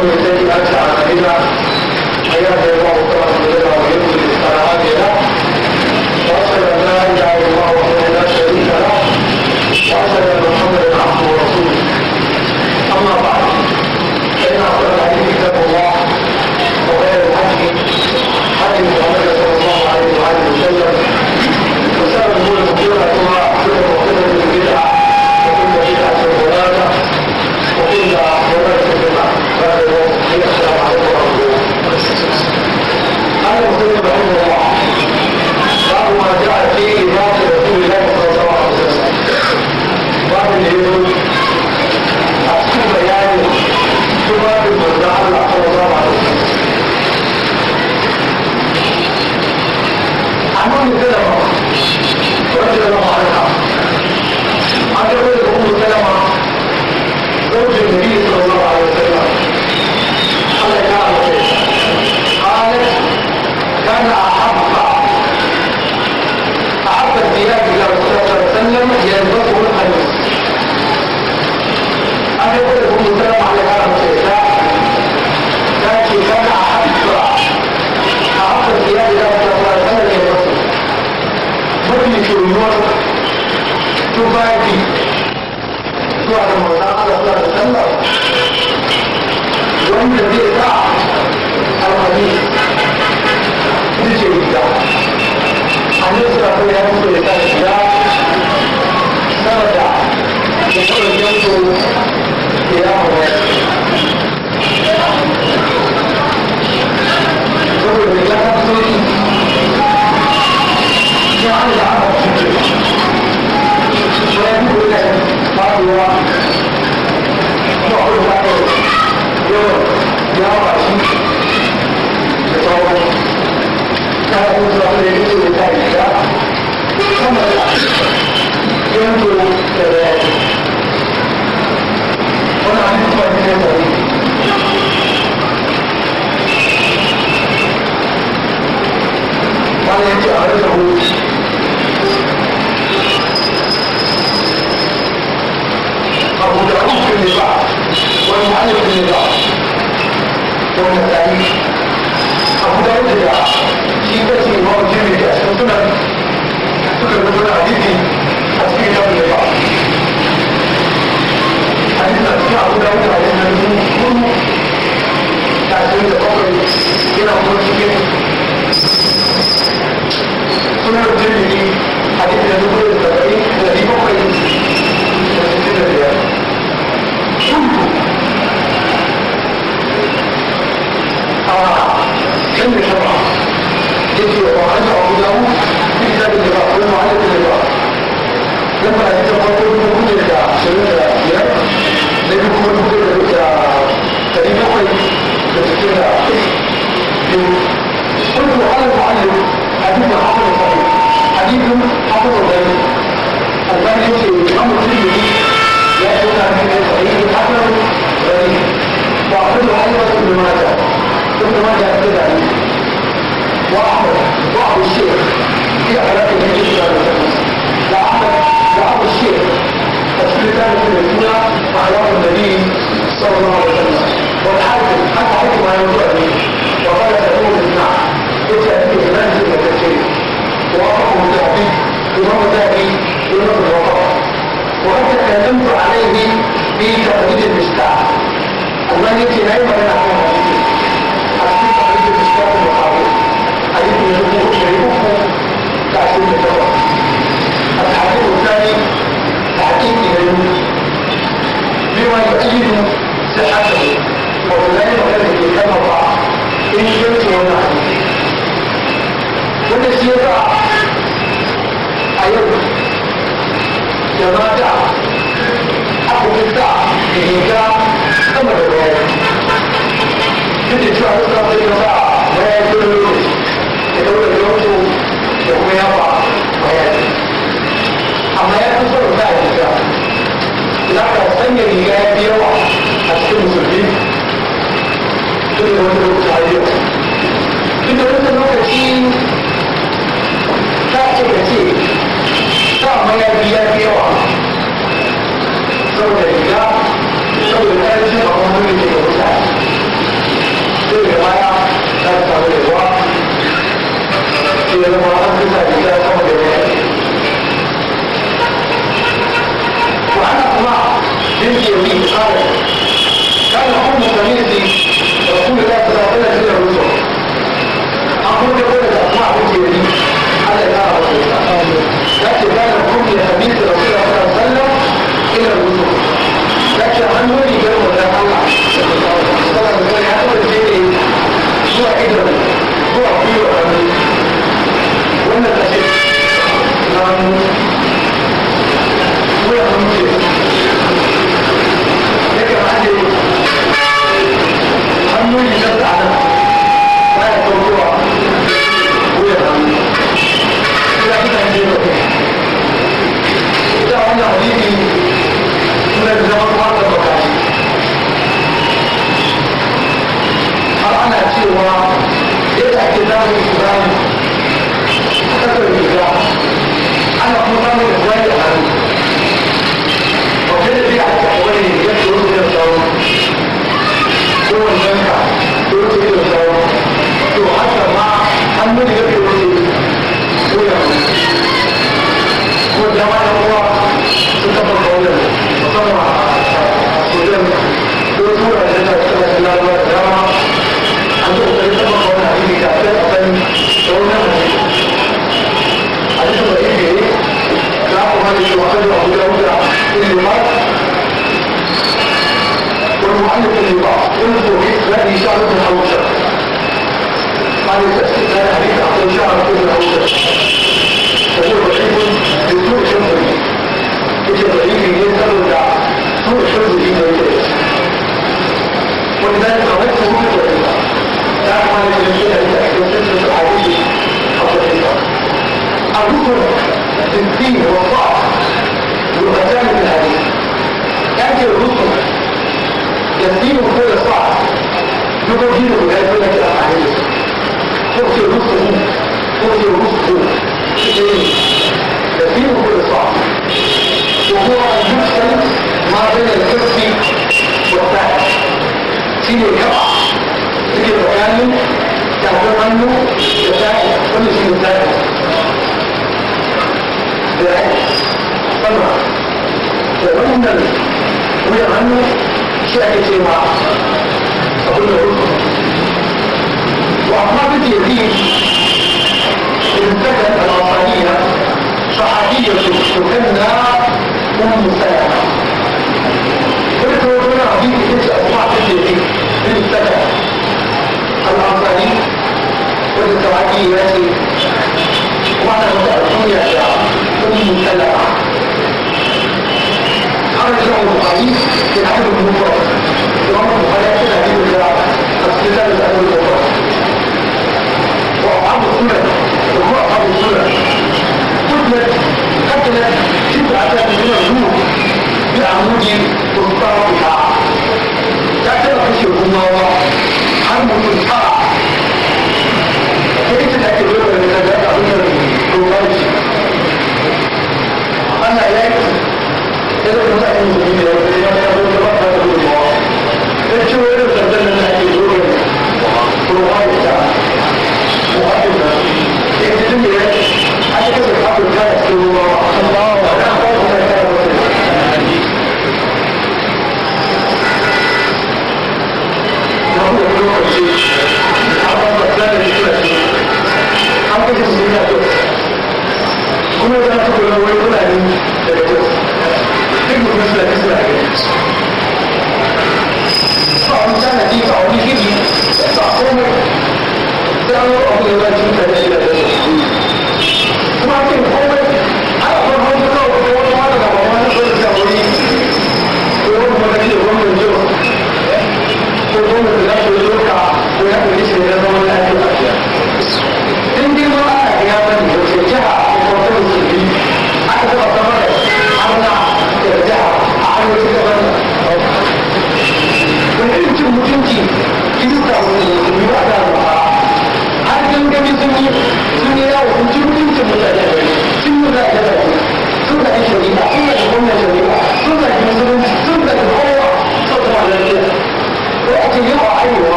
Gracias. 他就是说，他就是太紧的，他们两个，这个，我哪能不关心这个？年纪还小，他不叫路去的吧？我哪里去的？我是在他不叫路去的听我听我听你听，同志们，这个能不能听听？还是吧？الترمذي وعن ابو في كتاب اللقاء والمعلق اللقاء لما يتفقد من كل الدعاء شريطة يا نبي كل كل الدعاء تقريبا كل كتير كل على المعلم حديث حافظ الصحيح حديث حافظ الغني الغني يمشي امر الترمذي لا يقول عن الصحيح حسن غني وعقله ايضا ابن ماجه ابن ماجه كده عليه حياة النبي صلى الله عليه وسلم والحاكم حتى حكم على موضوع الدين وقال نعم، تقول النعم اتى به المنزل والتكفير ووقفه التعقيد إمام الذهبي إمام الوقف وقد تكلمت عليه في تقليد المشتاق الذي في نايمة من أحكام تجد صحته وأولئك الذي كما ضاع إن شئت ولا wanda shi yasa a yau da mata aka fi sa da riga sama da baya duk da cewa suka sai ka sa baya dole lokaci da daura da wato da kuma yawa baya amma ya fi so da haka sanya riga ya yawa a cikin musulmi duk da wani lokaci a yau duk da wani lokaci ta ce ka ce ta mayafi yawa saboda riga saboda ƙarfi a wani da ke mutane sai da baya ta samu da ruwa sai da an fi sa riga sama da هي دي مش عارف كان حب الخميسي رسول الله صلى الله عليه وسلم الرسل أقول لكل الأسماء كنت يدي على إدارة رسول الله لكن كان حب الخميس رسول الله صلى الله عليه وسلم إلى الرسل لكن عنه يجب أن يتعلم صلى الله عليه وسلم يقول شو أكيد 这条路，两路。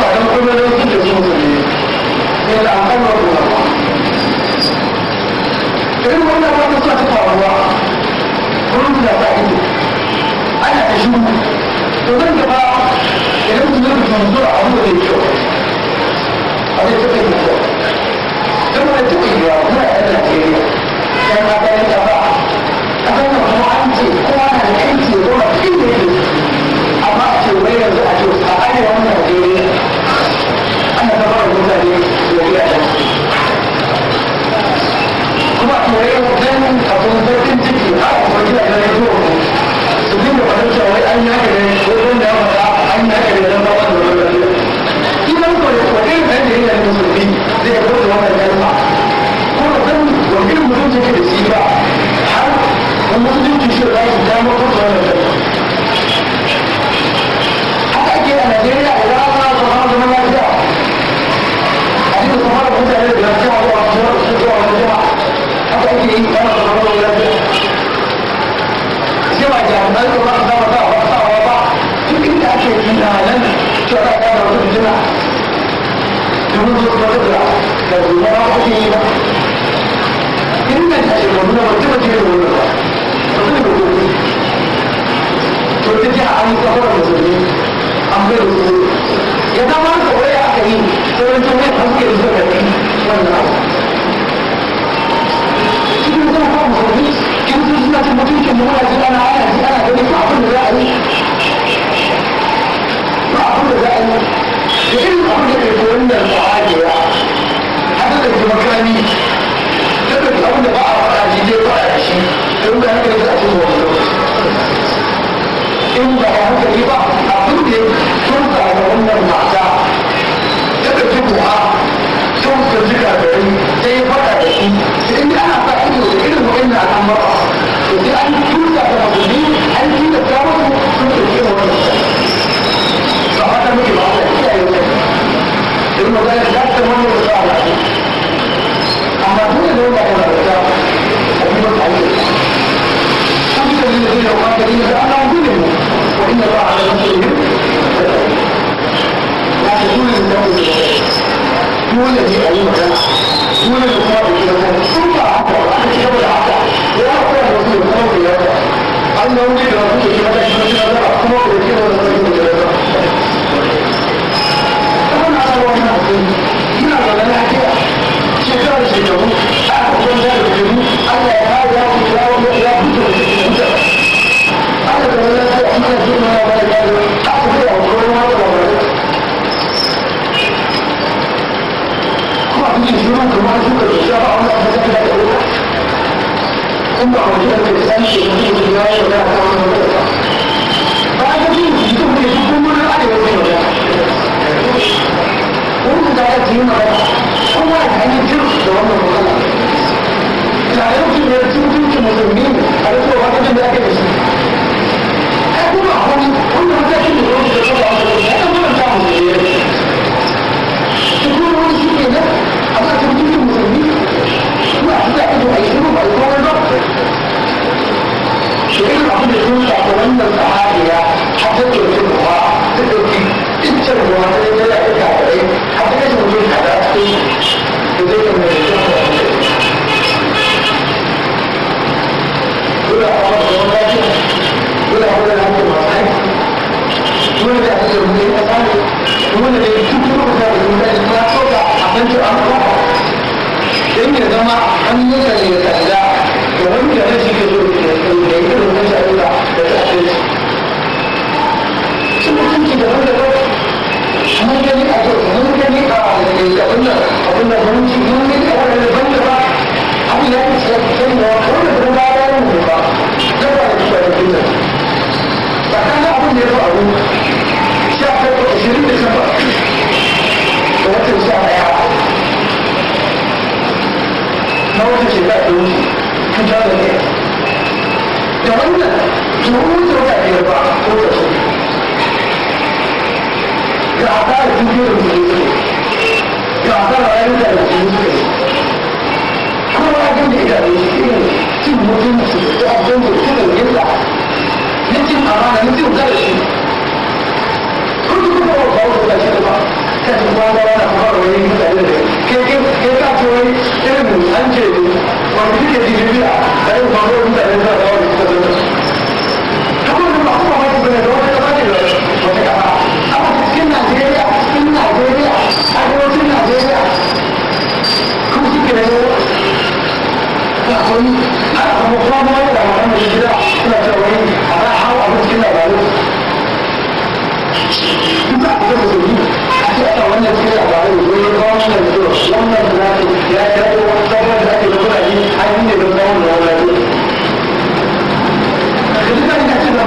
ba don kuma don su da su musulmi ne da an kama ruwa irin wannan wata sa ta faruwa wurin da ta ido ana ta shiru to zan gaba idan mutum ya rubuta zuwa abu da ya a zai kauce wannan kalma ko da san wani da ba har wani musulunci shi da wannan haka ake a najeriya idan zama lafiya a cikin kuma da mutane da lafiya ko a cikin zuwa wani haka ake yi ana zama zama lafiya ba ba su zama a fasawa ba duk inda ake cewa a da ya ba kuke yi ba inganta shekaru na wata mace da wani ba wata da mutum ne to ta ji an kawo da musulmi an bai musulmi ya zama da wani aka yi sauran sun mai haske da suka yi wannan abu cikin zama musulmi kin sun suna cin mutuncin mu ana ji ana ana ji ana ganin ko abin da za a yi sun ba haka aka ci gaba da haka ya na na ina na a kan da da ku Allah ya kawo ya ku ya ku ya ku da ku da na ina shirin kuma ku 真的好像这个山水地理描写的当中的，大家对你都没不公正爱有没有的，我们大家听到，从外台的支持我们不看，假如这边中中这么是没有，还是说我们这边这个是，哎，不好，我们我们在这里我们怎么搞的，我们不能这样子的，这不能去给人，他那中中这么是没有，那是在这种一路把。因小我们的小阿姐啊，她这个是我这个这这个我这个这个这个哎，她这个是我们小的，有这个没有这个。有点好，我们再见。有点好，再来我们。因为在这个我们在山里，我们那里住不在，我们在跟他说的，他们就安排好。人家他妈，他们那个那个啥的，我们这边是就是就是每个人都在。musulunci sun da wanda ba mun gani a yau mun gani a abin da abin da mun ci mun gani a wani daban da ba abu ya yi sai sai da wanda da ba ya yi ba da ba ya ci da kinta abin da ya faru sha ta ko ashirin da saba da watan sha daya na wata shekara da wuce 2008 da wannan 主就在这个地方都是出现。表达的直接的形式，表达的恩在的形式，突然跟这个这个进入真实，要真实这个影响，您经常让人就在去，不是说我保守在这个地方，但是光光的不靠人影在这里，给给给大家为这个女安全的，我们这些地区啊，还有好多人在这儿，然后这个。wannan da ya yi wani da ake da kuɗaɗe an yi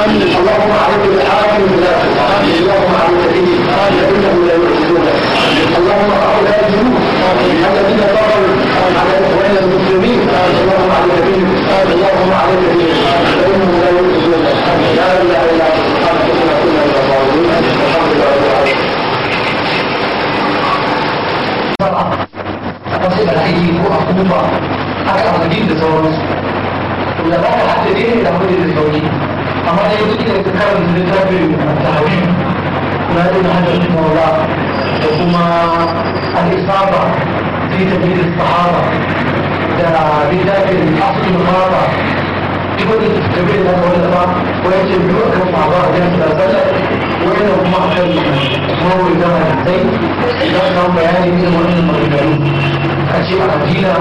اللهم اعوذ بالحاكم لا اللهم اعوذ به قال فانه لا يحسنونك اللهم هؤلاء الجنود الذين طغوا على اخواننا المسلمين اللهم اعوذ بهم اللهم اعوذ بهم فانهم لا يحسنونك لا اله الا كنا الظالمين أصيب الحي وقف مطلع حاجة عظيمة للزواج ولما حد بيه لابد للزواجين amma da yake da ta karin da littafi ta haushi na da na hajjar maula da kuma al-isaba fi tabbid sahaba da littafi al-asl al-mara ibn kabir da wallafa ko yace biyo kan baba da sallallahu wani kuma akan mawuri da hadisai da kan bayani ne wannan maganganu a ce a dina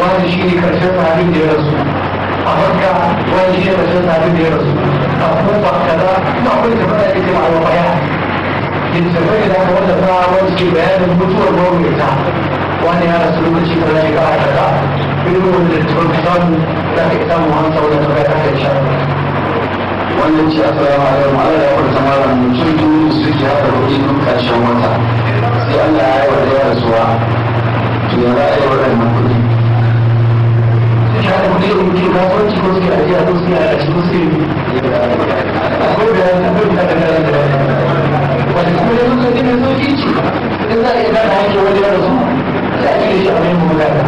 wani shi ne karshen tarihi da ya rasu a makka wani shi ne karshen tarihi da ya rasu تطبق كذا نعمل كمان يجب على الواقع الزمان ده هو ده بقى رمز بيان البطوله المهم بتاعها وانا انا سلوك الشيء ده اللي قاعد بتاع بيقول الترانزيشن ده كتاب مهندس ولا تبقى تحت الشرع wannan ce a tsara ma yau ma'ala ya kwanta mara mutum duniya suke haka kuɗi duk ƙarshen wata sai allah ya yi wa da ya rasuwa to ya shaɗin da in ke kasuwanci ko suke jiya ko suke a cikin suke akwai da yana akwai da yana da yana wani kuma da suka gina sauki ci in za a iya gana yanke wani yana su sai a cire shi a mai mu gana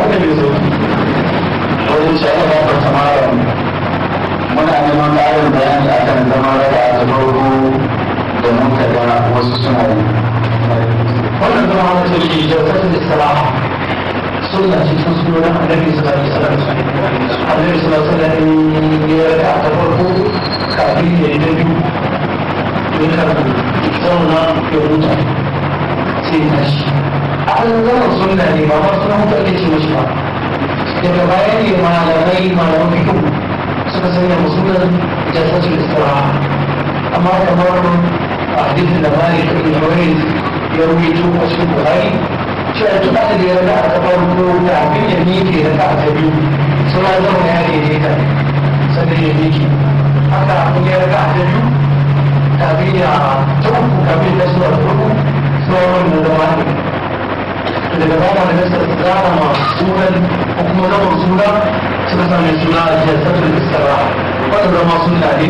wani mai sauki wajen shaɗin ba ta samara muna neman ƙarin bayani akan zama da ta farko da muka ga wasu suna yi wannan zama wani sauki da sassan da sana'a صلى في الفصل ولا النبي صلى الله عليه وسلم النبي صلى الله عليه وسلم يعتبره كافيا النبي يكرم صلى يموت سيدنا على الزمن صلى لما مرسله تأكيد المشفى daga bayan ne malamai malaman fito suka sanya musulman jasasul istiraha amma kamar a hadisin da malik ibn huwayd ya rubuto a cikin cewa ki ba da yarda a ta farko da abin ya miƙe da ta ta biyu suna zama ya daidaita sannan ya miƙe haka abin ya yarda a ta biyu kafin ya ta uku kafin ta sura ta uku suna wani da zama ne daga zama da nasa tsara ma sunan ko kuma zaman suna suka sami suna a jiya sabbin iskara wanda zama suna lade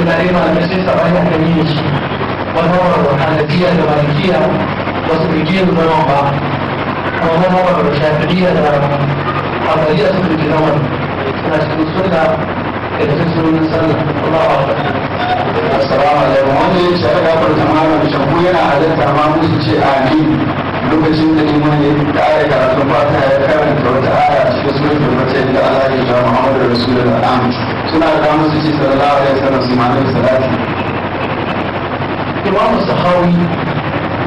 ina dai malamai sai sabani a ni yin shi wani wani hanafiya da malikiya Wasu su da yin ba kuma zama ba da shafi'iyya da amaliya su bigi wani suna cikin suna da cikin sunan sallah Allahu akbar assalamu alaikum wanda ya ce ga barka malam shafu yana halatta ma musu ce amin lokacin da liman ya kare karatu fata ya karanta wata aya cikin sunan tabbata da Allah ya ga Muhammadu Rasulullah amin suna da musu ce sallallahu alaihi wasallam su ma ne salati Imam Sahawi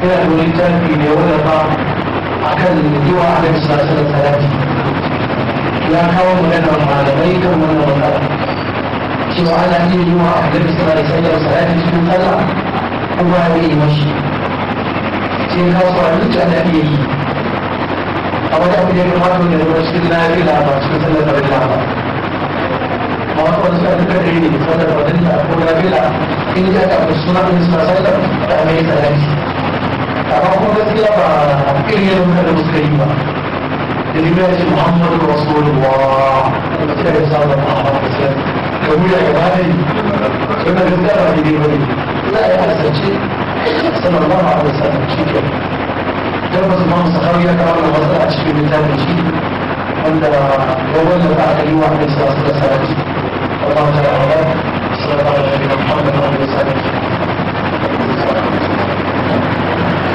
yana da wani tafi da ya wallafa a kan yiwa a kan sasar talati ya kawo maganar malamai kan wannan magana cewa ana iya yiwa a kan sasar talati cikin tsala kuma ya yi mashi sai ka so a duk ana iya yi a wani abu da ya kamata da ruwa cikin lafiya ba cikin sallar farilla ba ma wata wani sa duka da yi ne sallar farilla ko lafiya in ya ka fi suna ɗin suna sallar da mai tsanani أعطوا بسيا فأكلهم من المسلمين كلمات محمد رسول الله بسيا الله محمد بسيا كمية كمالي كما رسالة في دي ولي لا يحسن شيء صلى الله عليه وسلم شيء كبير جربت المهم سخاوية كرام الغزاء شيء مثال شيء عند أول الأعلى واحد صلى الله عليه وسلم الله تعالى صلى الله عليه وسلم محمد رسول الله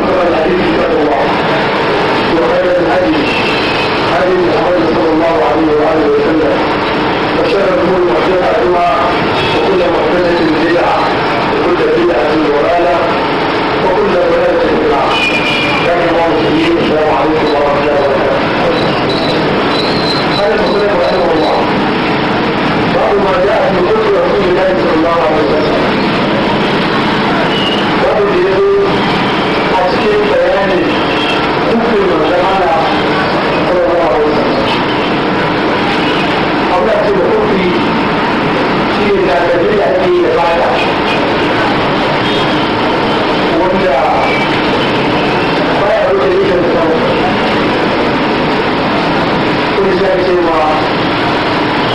أفضل الحديث كتاب الله وخير الهدي هدي محمد صلى الله عليه وآله وسلم وشر الأمور محدثاتها وكل محدثة بدعة وكل بدعة ضلالة وكل ضلالة في النار الله المسلمين السلام عليكم ورحمة الله وبركاته قال المسلم رحمه الله بعض ما جاء في كتب رسول الله صلى الله عليه وسلم رجل يقول تفسير بيان ممكن الجماعة صلى الله عليه وسلم أو نفس الحكم في الأدبية التي بعد وإذا ما يعود إليك التصور كل ذلك هو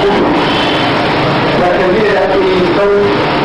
حكم لكن هي التي تنفذ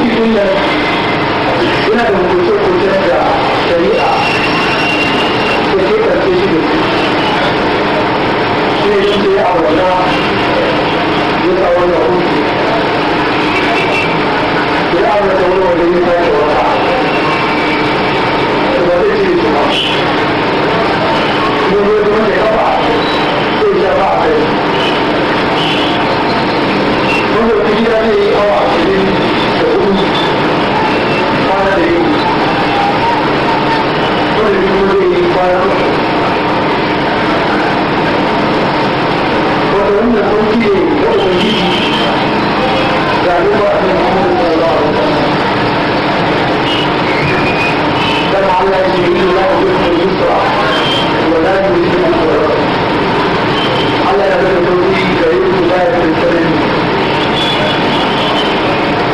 hukuncin da yana da da shi ne a wajen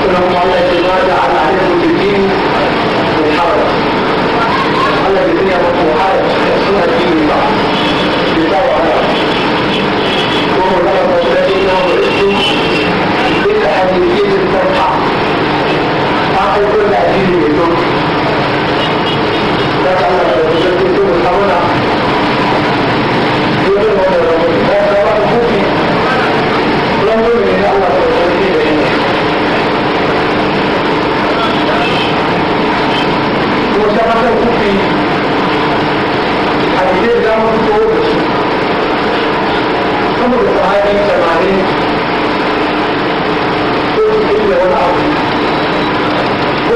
Não pode ajudar.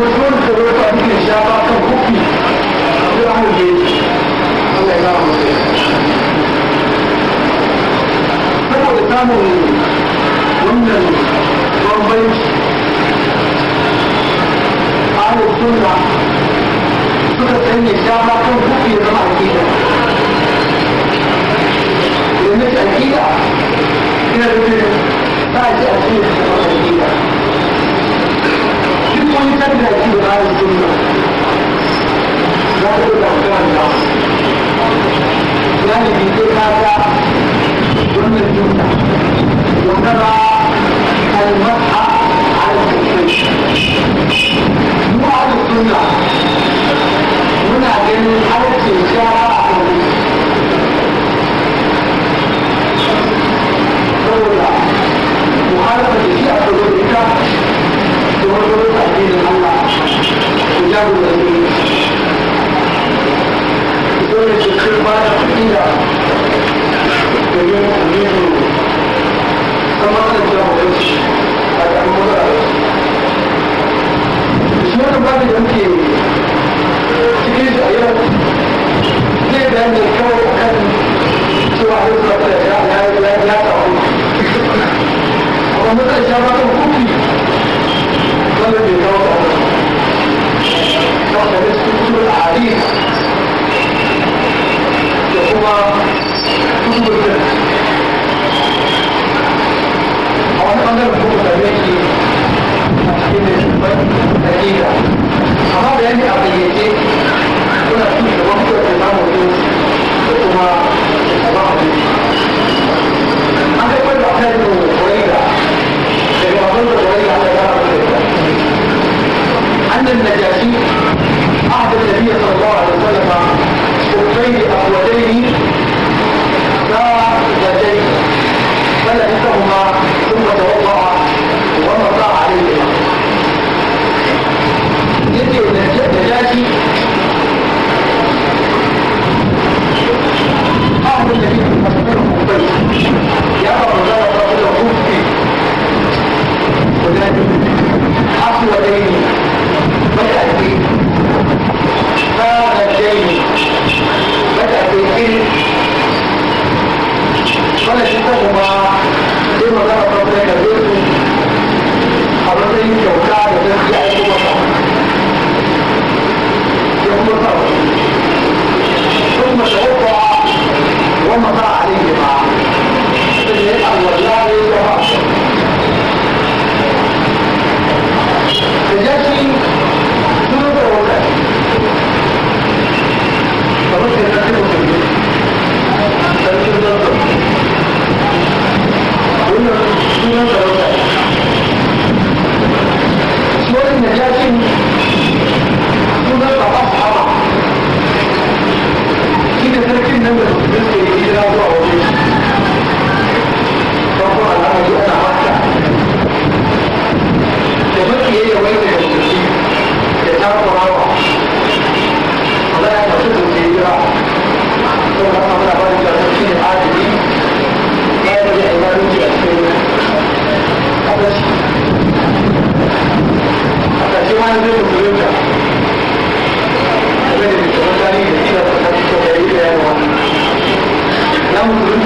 wasu wanda ka shafa kan da samun wannan bambanci ahlus sunna shafa kan zama ce a cikin da shi da ayin sunna za ka da kamfan da ya ne ke kata wannan jumla wanda ba kalmar a mu a da sunna muna ganin harshen shara a kan saboda muharrar da shi a kyau da ne dole ce ce ba da kuɗi da domin da sama da jagoranci a ɗan da shi wani babu da muke cikin da a yau zai bayani kawai akan cewa yau da ya ya ya ya samu amma mutane ya ba kan kuɗi wanda bai kawo واحدة بس كتب الأحاديث وهما كتب الفقه أو أنا أقدر أقول لك نتيجة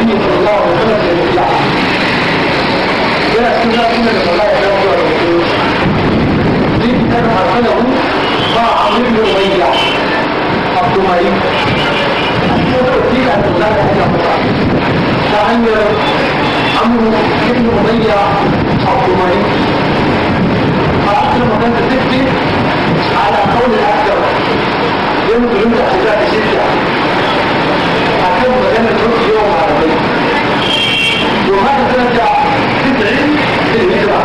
النبي صلى الله عليه وسلم للبدع جاء السنة سنة الله يتوفى الرسول دي كتاب حصله مع عمرو بن أمية عبد الملك وكيل عبد الله بن عمرو عمرو بن أمية عبد الملك فأكثر ما كانت تكفي على قول الأكثر يوم تقول أحزاب ستة حكم مدام الحكم يوم عليه ترجع تدعي للهجرة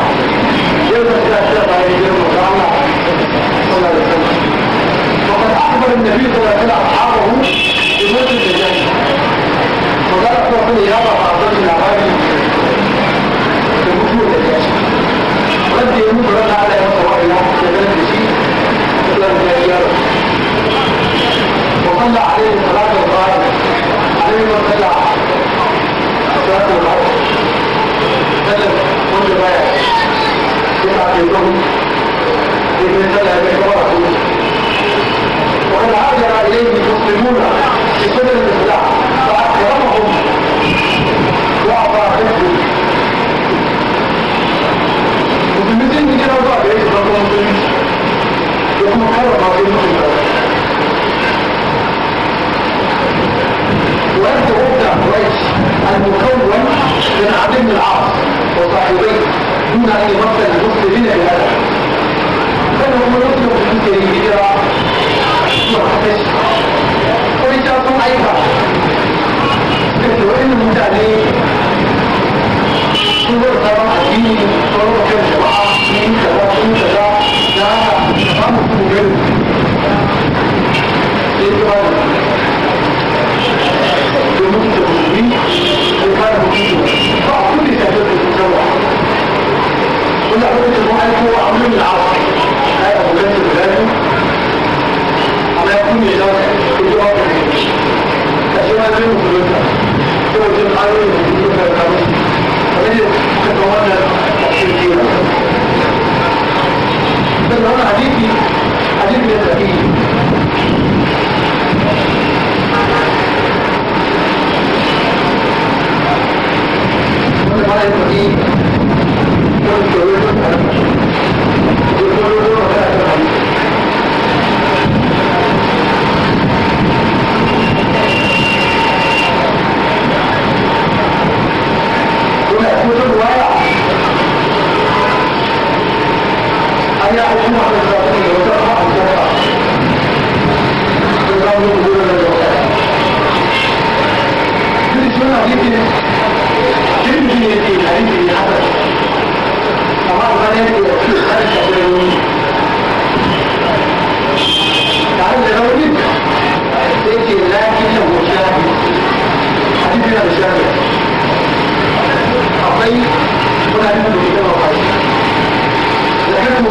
يوم الثلاثة عليه يوم الله صلى الله عليه وسلم وقد أخبر النبي صلى الله عليه وسلم أصحابه بموت الجنة وقال أخبركم يا رب أعطتنا غالي بموت رد يموت على يوم الله إلى حسنات بشيء وقال عليه الصلاة والسلام الدين والخلع الشرط والعرض سلم كل ما يقع في يدهم إذن سلع بإجراء وقد عاجر إليه المسلمون في سنة الإسلام فأكرمهم وأعطى حبهم وفي المسلمين كده وضع بإيه يكون كرم عظيم في البلد المكون من عدم العرض وصاحبيه دون ان يمثل المسلمين بهذا 哎呦，你都在哪里？那你就在东莞那边，广西那边，那到哪里去？哪里没有生意？我们过来投资，我们就是过来。你要去哪？你叫他去哪，去哪。你叫他去哪，去哪。你去哪？你家？谁去你家？他妈的，我去了，还去你家？你？那你去哪？我还你 الحكم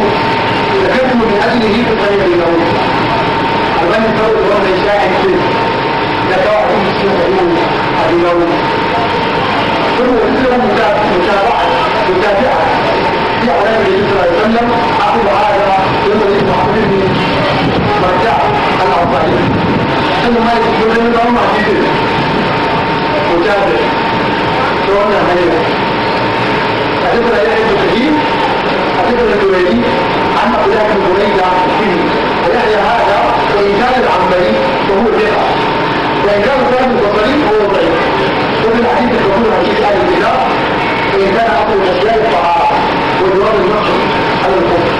الحكم من أجله في طريق الموت ومن يفوت هو من شاهد فيه لا في الشيخ يقول أبي موت ثم يصير متابعة متابعة في علامة النبي صلى الله عليه وسلم عقب هذا ينبغي محبوبه مرجع الأربعين ثم ما يقول لهم عزيزي الجبلي أن أولئك البريدة به ويحيى هذا وإن كان العنبري فهو ثقة وإن كان سالم البصري فهو ضعيف وفي الحديث الكبير عن شيخ آل الكتاب وإن كان أصل الأشياء الطعام وجواب المقصد على الكفر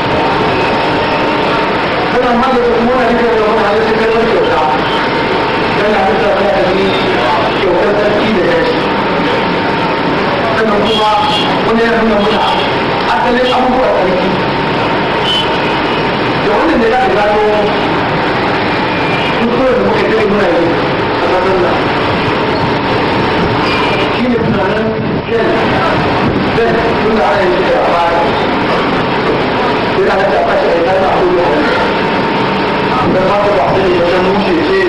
فلما يقومون بك يقولون على سبيل الشيخ كان عندنا فاهمين وكان تأكيد هذا كما هو هنا هنا هنا حتى للأمر nan ne za gano duk da muka kai muna yi a ƙasar nan shi ne tunanin shan zai tun da ana yi da ba yana da ta fashe a ƙasar abubuwa da ba ta ba ne wajen wuce ce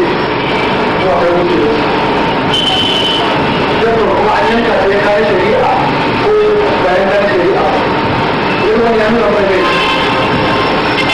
zuwa kai wuce da su zai kuma an yanka sai kayan shari'a ko bayan kayan shari'a yana nuna mai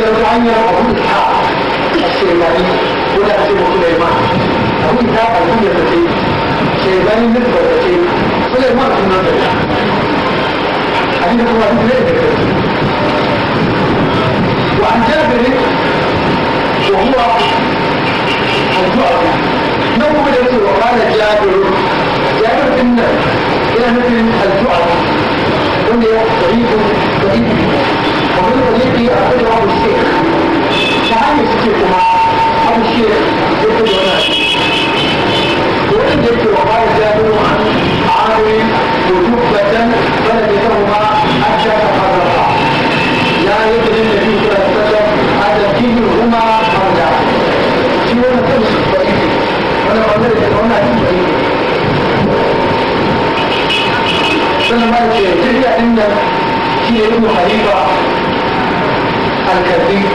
لو تعين حدود الحق الشيباني ولا أسيبه سليمان أقول ده أقول يا فتي شيباني نسبة فتي سليمان في النظر حديث الله في ذلك وعن جابر وهو الجعفي نوم بالرسول وقال جابر جابر إن إلى مثل الجعفي قل لي ضعيف ضعيف ومن طريقي أخذ أبو الشيخ شهادة ستيكما أبو الشيخ ذكر الولاد وإن ذكر وقال جابر عن عامر وجبة فلبثهما حتى تقررا لا يدري النبي صلى الله عليه وسلم أتدينهما أو لا في يوم الخميس وأنا أقول لك أنا أتدين sannan ma da ke jirgin ɗin nan shi ne ibn halifa الكثير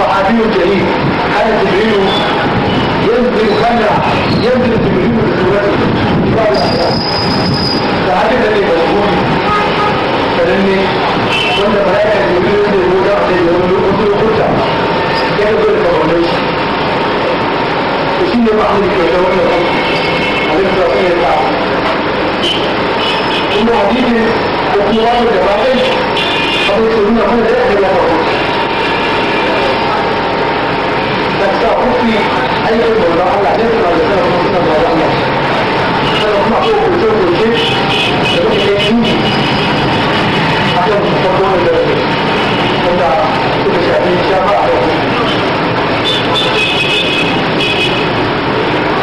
صحابي جليل كان جبريل ينزل خمرة ينزل جبريل بالسواد صحابي جليل مشهور فلاني كنت ملايكة جبريل ينزل الوجع يقول له قلت له قلت خرجع كان يقول لك قلت له وشيل بعض له عليه قلت له ثم حديث القرآن الجماعي حديث سيدنا هنا لا يحمل يتوقف بس أخفي أي كلمة والله على نفسنا لسنة ونصنا بالله أنا أسمع فوق وشوف وشيش لكن لا يجي عشان تفضلون الدرجة أنت كل شعبين شعبا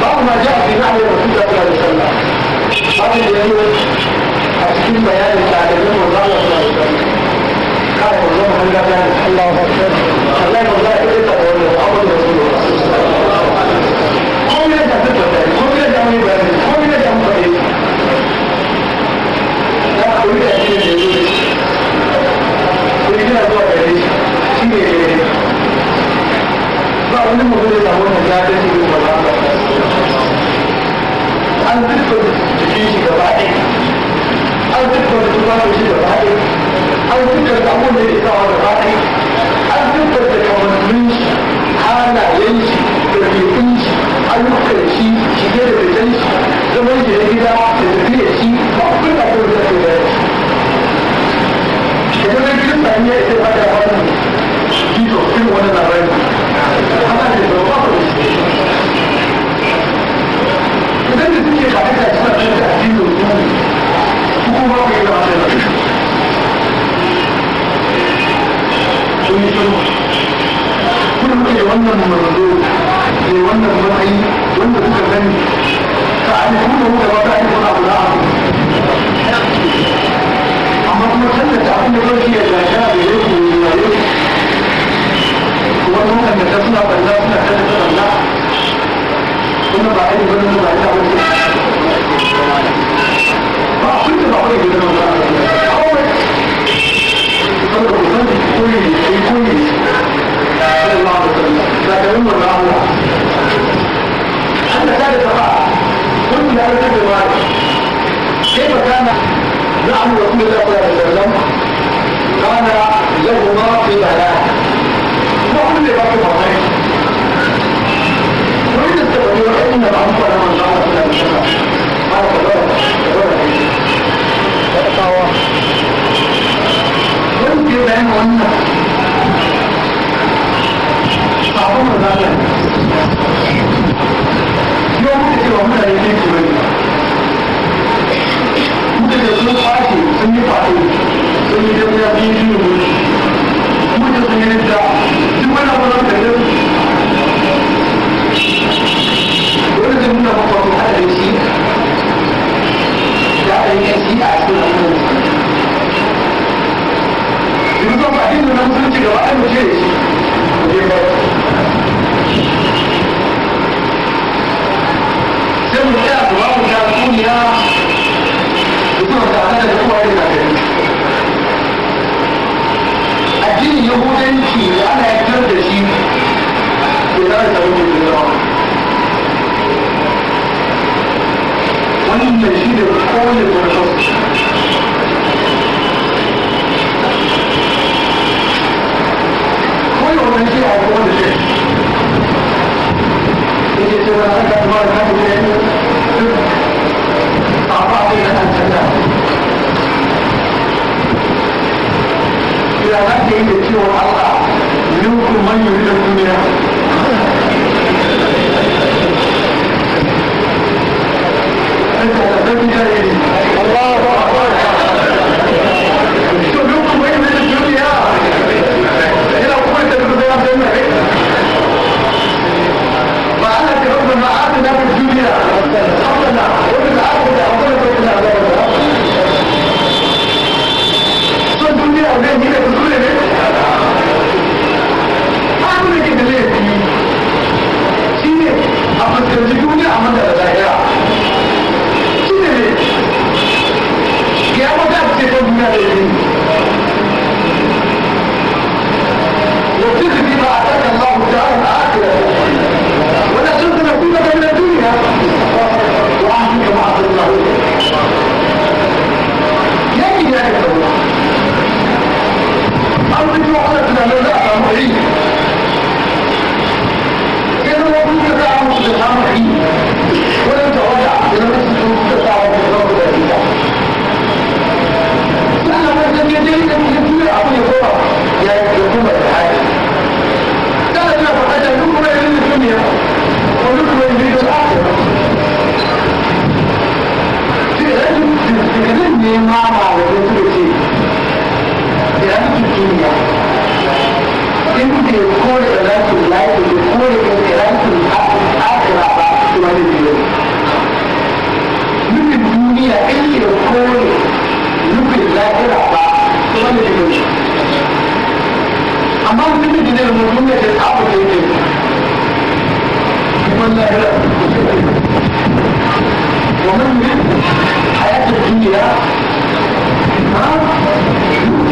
بعض ما جاء في معنى الرسول صلى الله عليه وسلم بعض الذين أسكين بيان التعليم والله صلى الله عليه وسلم الله أكبر الله an dukkan jikin shi an dukkan abun da ya kawo da baɗi an dukkan da kamannin shi halayen shi da ɗaiɗin shi ayyukan shi shige da fitan shi zaman da ya gida da tafiya shi ba kun da kuma da ke bayar shi da zai kirista ya ce ba da wani jiso irin wani labari ana da ba ba ku da shi idan da suke ba da shi na da sun yi sulhu kun kai wannan manzo ne wannan matsayi wanda suka sani ka alifu da wuta wata alifu na A amma kuma tallata abin da zai iya gashara da yau ne zuwa yau kuma sun ta suna balla suna tallata balla kuma ba aiki bane ba ita ba ba abin da ba wani gidan ba القانون الكلي كيف كان نعم رسول الله صلى الله عليه وسلم كان له ما في بلاد وكل باب مرتين كل التغيير انما انقل من الله الى الشرع 我们的，打不动他的，用武器我们才赢。محمد يعرفنا للأعلى معين إذا ما كنت تتعامل بالحرام حين ولم تراجع إلى نفس الظروف تتعامل بالحرام الأبيع سهل ما كان يجري أن يكون أعطي قرى يكون الحاجة سهل ما فقد نكبر إلى الدنيا ونكبر إلى الآخرة في غير تتكلمني مع بعض وتتكلمني idan kimiyya in bai kore da rashin kore da duniya ومن حياة الدنيا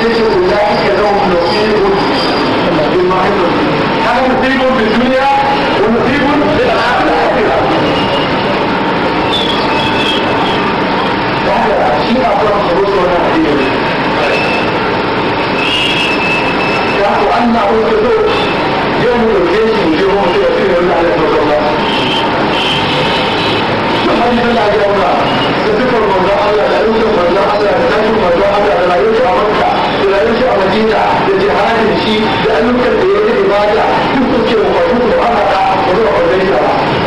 السيشن اولئك لهم نصيب مما عندهم هذا نصيب في الدنيا ونصيب في الاخره وهذا شيء اكبر خروج ونحن يعرف انه الحدود يوم الجيش يجيبهم في الاخير يقول عليه الصلاه والسلام فقد بلغ يوم sifar manzon Allah da ayyukan manzon Allah da tashin manzon Allah da rayuwar a Makka da rayuwar a Madina da jihadin shi da ayyukan da ya yi ibada duk suke wa faru da haka ba zuwa farzai ba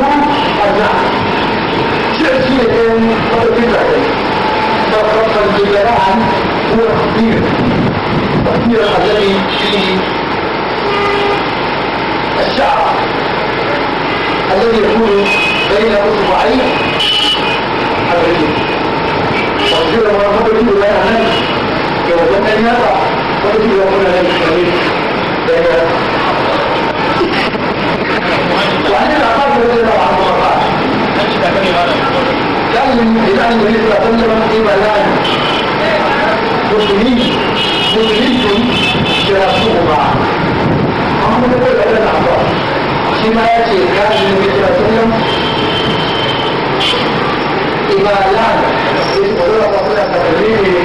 النوم الزعم شيء شيئين قد تدعي فخطا بالجراعة هو خطير خطير الذي في الشعر الذي يكون بين اصبعين الرجل تقدير ما قبل لا يعمل ان يقع قبل يوم لا يعمل وعندما وسلم عنه وقال كلم بلال النبي صلى الله عليه وسلم في بلال مسلمين مسلمين جلسوهما هم يقول لنا الأعضاء فيما يأتي كان النبي صلى الله عليه وسلم إبالان يقولون قبل تقريبه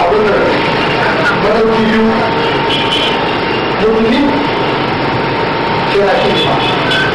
أظن بدل فيو مسلمين جلسوهما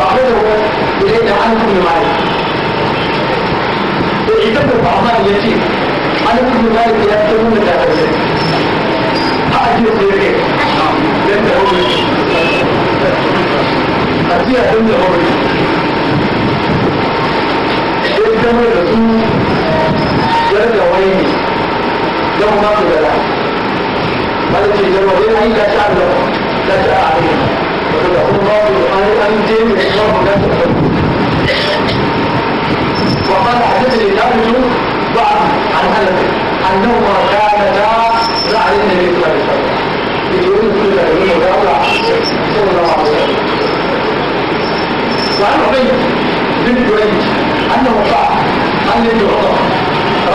ba a da ruwa da ya da an kuma mai to idan ba fa amma ya ce an kuma mai da ya ce mun da ta ce a ji ne ne dan da ruwa a ji a dan da ruwa ya ce mun da su ya da wai ne dan ma da ba da ce da wai ai da sha Allah da ta a وقد حدثني ثابت بعض عن هلك انه ما كان على النبي صلى الله عليه وسلم يقول كل يوم يطلع صلى الله عليه وسلم وعن بن جريج انه قال عن ابن عمر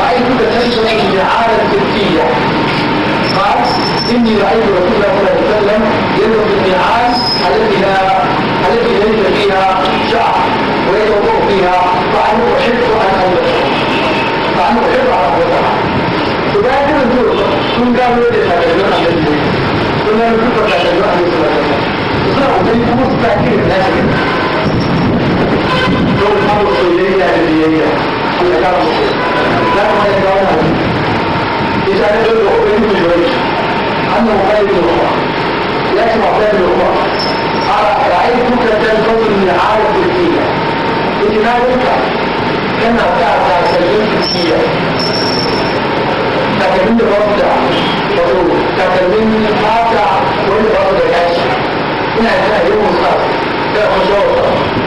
رايتك تشرب بعالم تركيه الميعاد إني رأيت رسول الله صلى الله عليه وسلم يدعو في الميعاد التي لا التي ليس فيها شعر ويتوضأ فيها فأنا أحب أن أنبت فأنا أحب أن أنبت فذلك نزول كن قالوا لي تتجرع بالبيت كنا نزول تتجرع بالبيت وصاروا زي فوز تأثير الناس لو الأمر الصينية الهندية كلها كانت لا ما يتجرعون لسان جد عبيد بن جريج عنه مقابل بن عمر ياتي مقابل بن عمر قال رايتك تلفظ من عارف بالدين قلت ما ذلك كما تعطى سلمت سيئا تكلمني برضع بطول تكلمني قاطع وانت برضع كاشف هنا عندنا يوم صار ده خشوره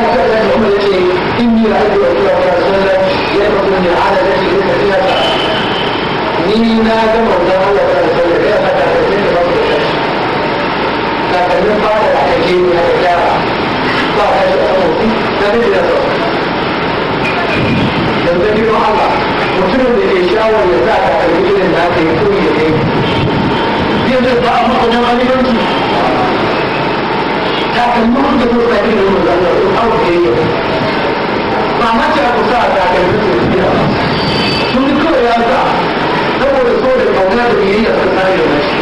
كان فعلا يقول إني رأيت رسول الله صلى الله عليه وسلم يخرج من العادة التي ليس فيها مين آدم وقدام الله صلى الله عليه وسلم كيف تعتبرين رسول الله لكن من بعد الحكيم والحكاية صار هذا الأمر لم يجد يمتلك الله mutumin da ke shawar ya sa ka karbi irin da aka yi koyi da kai zai zai ba a maka don alibanci takalmin da su sai da mun zanna su hau ba ma ce ku sa takalmin su fiya sun ji kawai ya sa saboda so da kauna da biyayya sun sai da shi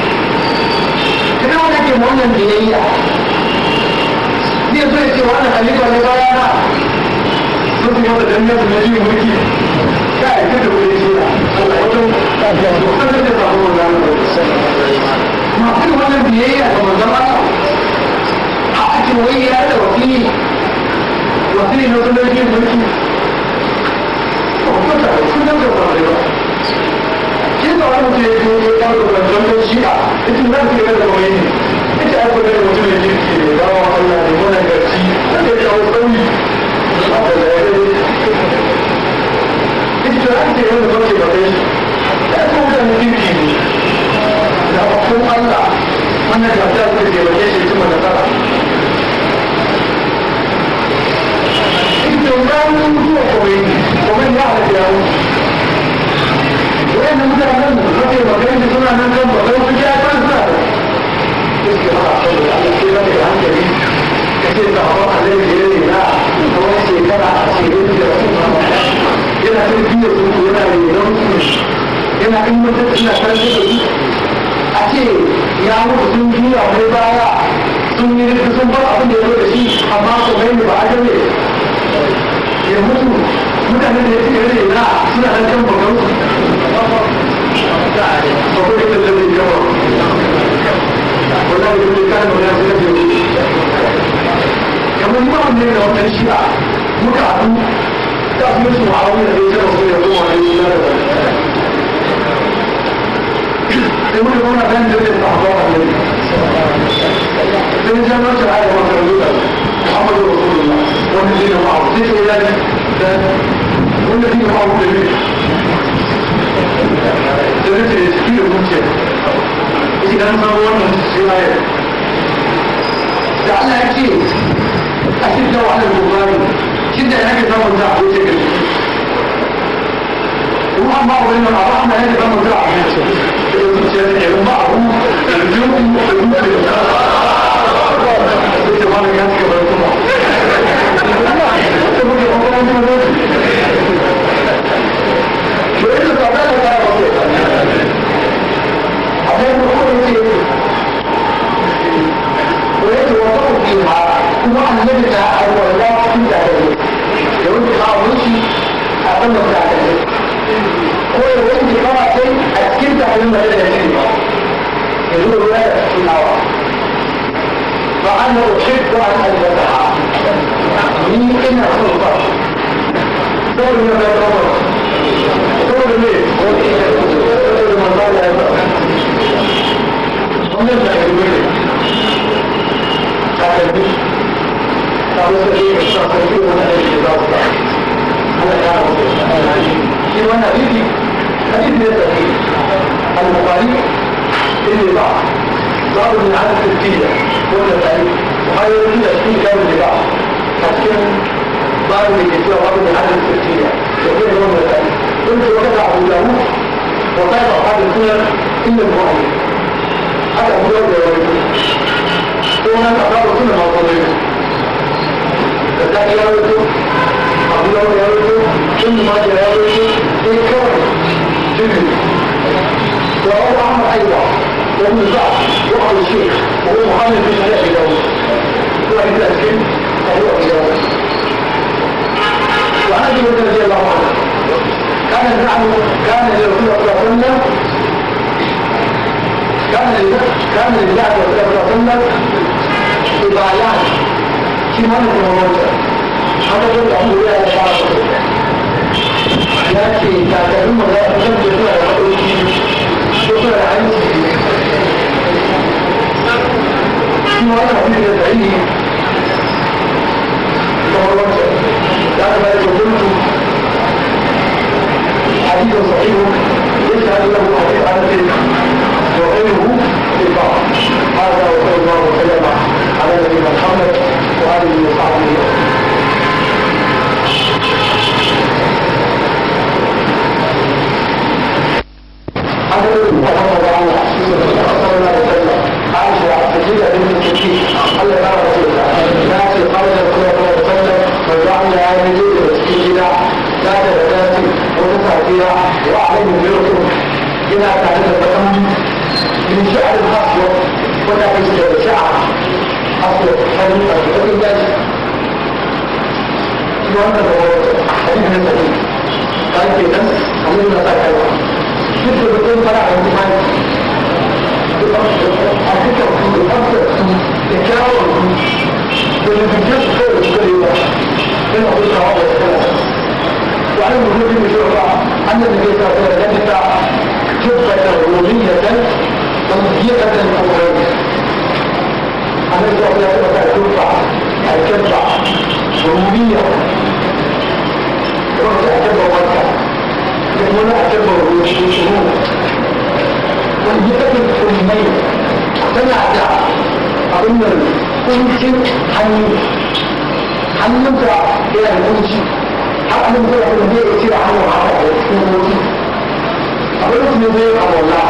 kana wanda ke wannan biyayya zai zo ya ce wannan halitta ne baya na sun yi wata dan yadda na mulki kai ta da wuri shi حديث صحيح يسأل له حديث عن وغيره في البعض هذا وصلى الله وسلم على نبينا محمد وآله وصحبه عدد الرقيع وأعلم الرسل إلى تعلمتهم من شعر الحصر ولكن شعر حصر حديث الرقيع وأنا حديث النبي قال في نفس علمنا ذاك الوقت كيف بكون طلع الامتحان الفكرة في الأمر تكاور باللي بيجيب كل كل واحد هنا قلت هذا الكلام وعلى وجود الشرطة أن النبي صلى الله عليه وسلم لبس شرطة رومية مضيقة فوقية النبي صلى الله عليه وسلم شرطة الكبة رومية وقت أكبر وقت يكون أكبر وشهور ويتكلم في الميل اقتنعت أظن الأنس حنين حنين إلى الأنس حتى من غير أن يبيع كتير عنه وعطى أقول لك من غير أو لا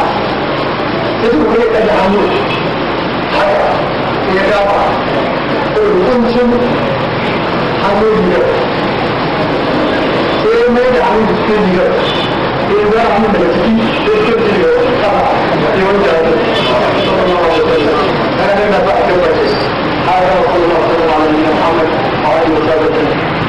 تدعو غير أن يعمل حتى يجابع الأنشن حمولية إيه ما يدعمل بسكين يوم إيه ما يعمل بسكين بسكين يوم طبعا يوجد صلى الله عليه وسلم هذا ما بعد بس هذا رسول الله صلى الله عليه وسلم محمد وعلى وسلم